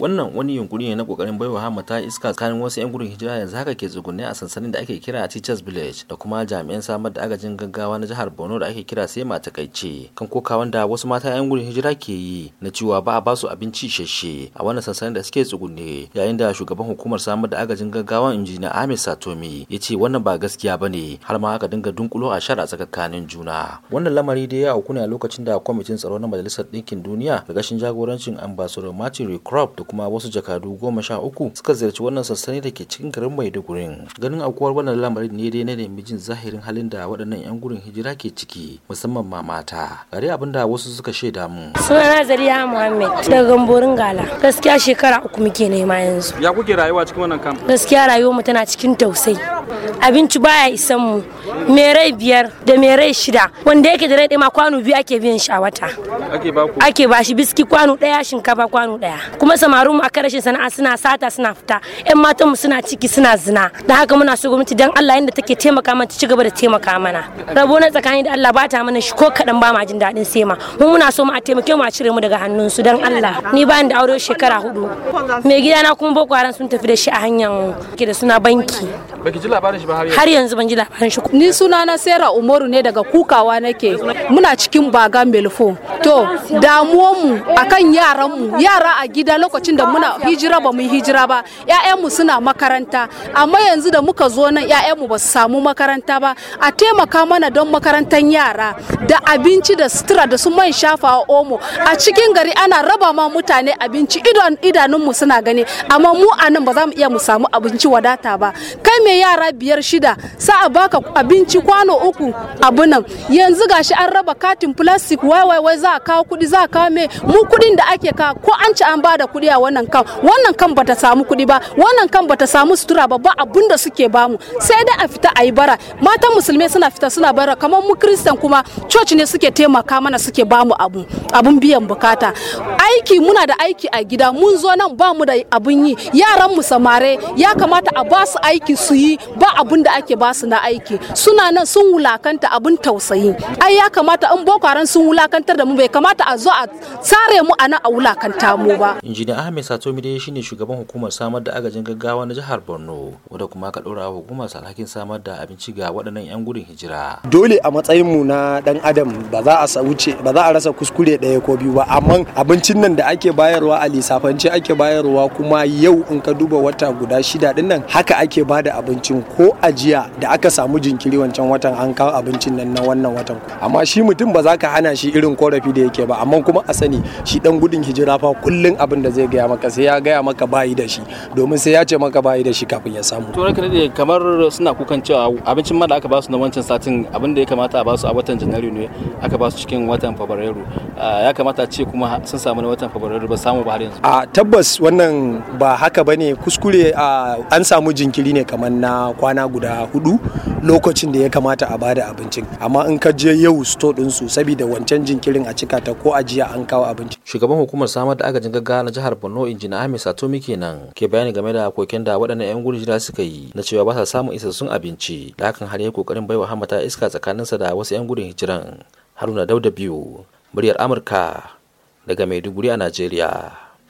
wannan wani yunkuri ne na kokarin baiwa hamata iska tsakanin wasu yan gudun hijira yanzu haka ke tsugunne a sansanin da ake kira a teachers village da kuma jami'an samar da agajin gaggawa na jihar borno da ake kira sai mata kaice kan kokawan da wasu mata yan gudun hijira ke yi na cewa ba a ba su abinci shashe a wannan sansanin da suke tsugunne yayin da shugaban hukumar samar da agajin gaggawa injiniya ahmed satomi ya ce wannan ba gaskiya ba ne har ma aka dinga dunkulo a shara tsakanin juna wannan lamari da ya auku ne a lokacin da kwamitin tsaro na majalisar Dinkin duniya da gashin jagorancin ambassador martin recrop da kuma wasu jakadu goma sha uku suka ziyarci wannan sassani da ke cikin garin maiduguri ganin aukuwar wannan lamarin ne dai na nemi jin zahirin halin da waɗannan 'yan gurin hijira ke ciki musamman ma mata gari abinda wasu suka shaida mu sunana zariya muhammed daga gamborin gala gaskiya shekara uku muke nema yanzu ya kuke rayuwa cikin wannan kam gaskiya rayuwar mu tana cikin tausayi. abinci baya isan mu merai biyar da merai shida wanda yake da rai ɗaya ma kwano biyu ake biyan shi a wata ake ba shi biski kwano ɗaya shinkafa kwano ɗaya kuma samarin mu a rashin sana'a suna sata suna fita yan matan mu suna ciki suna zina dan haka muna so gwamnati dan Allah yanda take taimaka mana ta ci da taimaka mana rabo na tsakanin da Allah ba ta mana shi ko kadan ba ma jin daɗin sema mu muna so mu a taimake mu a cire mu daga hannun su dan Allah ni ba da aure shekara hudu mai gidana kuma boko haram sun tafi da shi a hanyar ke da suna banki baki ji labarin shi ba har yanzu ban ji labarin shi ni sunana sera Umaru ne daga kukawa nake muna cikin baga Melfo to damuwanmu akan mu yara a gida lokacin da muna hijira ba mu hijira ba mu suna makaranta amma yanzu da muka zo nan mu ba su samu makaranta ba a taimaka mana don makarantar yara da abinci da sutura da su man shafawa omo a cikin gari ana raba ma mutane abinci idanunmu suna gani amma mu a nan ba za mu iya mu samu abinci wadata ba kai mai yara biyar shida sa a baka abinci kwano uku abunan yanzu gashi an raba katin plastic wai wai wai za zaka kawo kuɗi za a kawo me mu kuɗin da ake kawo ko an ci an bada kuɗi a wannan kan wannan kan bata samu kuɗi ba wannan kan bata samu sutura ba ba abunda suke bamu sai dai a fita a yi bara matan musulmai suna fita suna bara kamar mu kristan kuma coci ne suke taimaka mana suke bamu abu abun biyan bukata aiki muna da aiki a gida mun zo nan ba mu da abun yi yaran mu samare ya kamata a ba su aiki su yi ba abun da ake ba su na aiki suna nan sun wulakanta abun tausayi ai ya kamata in boko haram sun wulakantar da mu bai bai kamata a zo a tsare mu a nan a wulakanta mu ba. Injiniya Ahmed Satomi dai shine shugaban hukumar samar da agajin gaggawa na jihar Borno wanda kuma ka ɗora hukumar alhakin samar da abinci ga waɗannan 'yan gudun hijira. Dole a matsayin mu na dan adam ba za a wuce ba za a rasa kuskure ɗaya ko biyu ba amma abincin nan da ake bayarwa a lissafance ake bayarwa kuma yau in ka duba wata guda shida din nan haka ake da abincin ko ajiya da aka samu jinkiri wancan watan an kawo abincin nan na wannan watan amma shi mutum ba za ka hana shi irin korafi zafi da yake ba amma kuma a sani shi dan gudun hijira fa kullun abin da zai gaya maka sai ya gaya maka bayi da shi domin sai ya ce maka bayi da shi kafin ya samu to ranka ne kamar suna kukan cewa abincin ma da aka ba su na wancan satin abin da ya kamata a ba su a watan janairu ne aka ba su cikin watan fabrairu ya kamata a ce kuma sun samu na watan fabrairu ba samu ba har yanzu a tabbas wannan ba haka bane kuskure an samu jinkiri ne kamar na kwana guda hudu lokacin da ya kamata a bada abincin amma in ka je yau sto din su saboda wancan jinkirin a cika ta ko ajiya an kawo abinci. Shugaban hukumar samar da agajin gaggawa na jihar Borno injina Ahmed Satomi kenan ke bayani game da koken da waɗannan 'yan gudun hijira suka yi na cewa ba sa samun isassun abinci da hakan har ya kokarin baiwa hamata iska tsakaninsa da wasu 'yan gudun hijiran Haruna Dauda biyu muryar Amurka daga Maiduguri a Najeriya.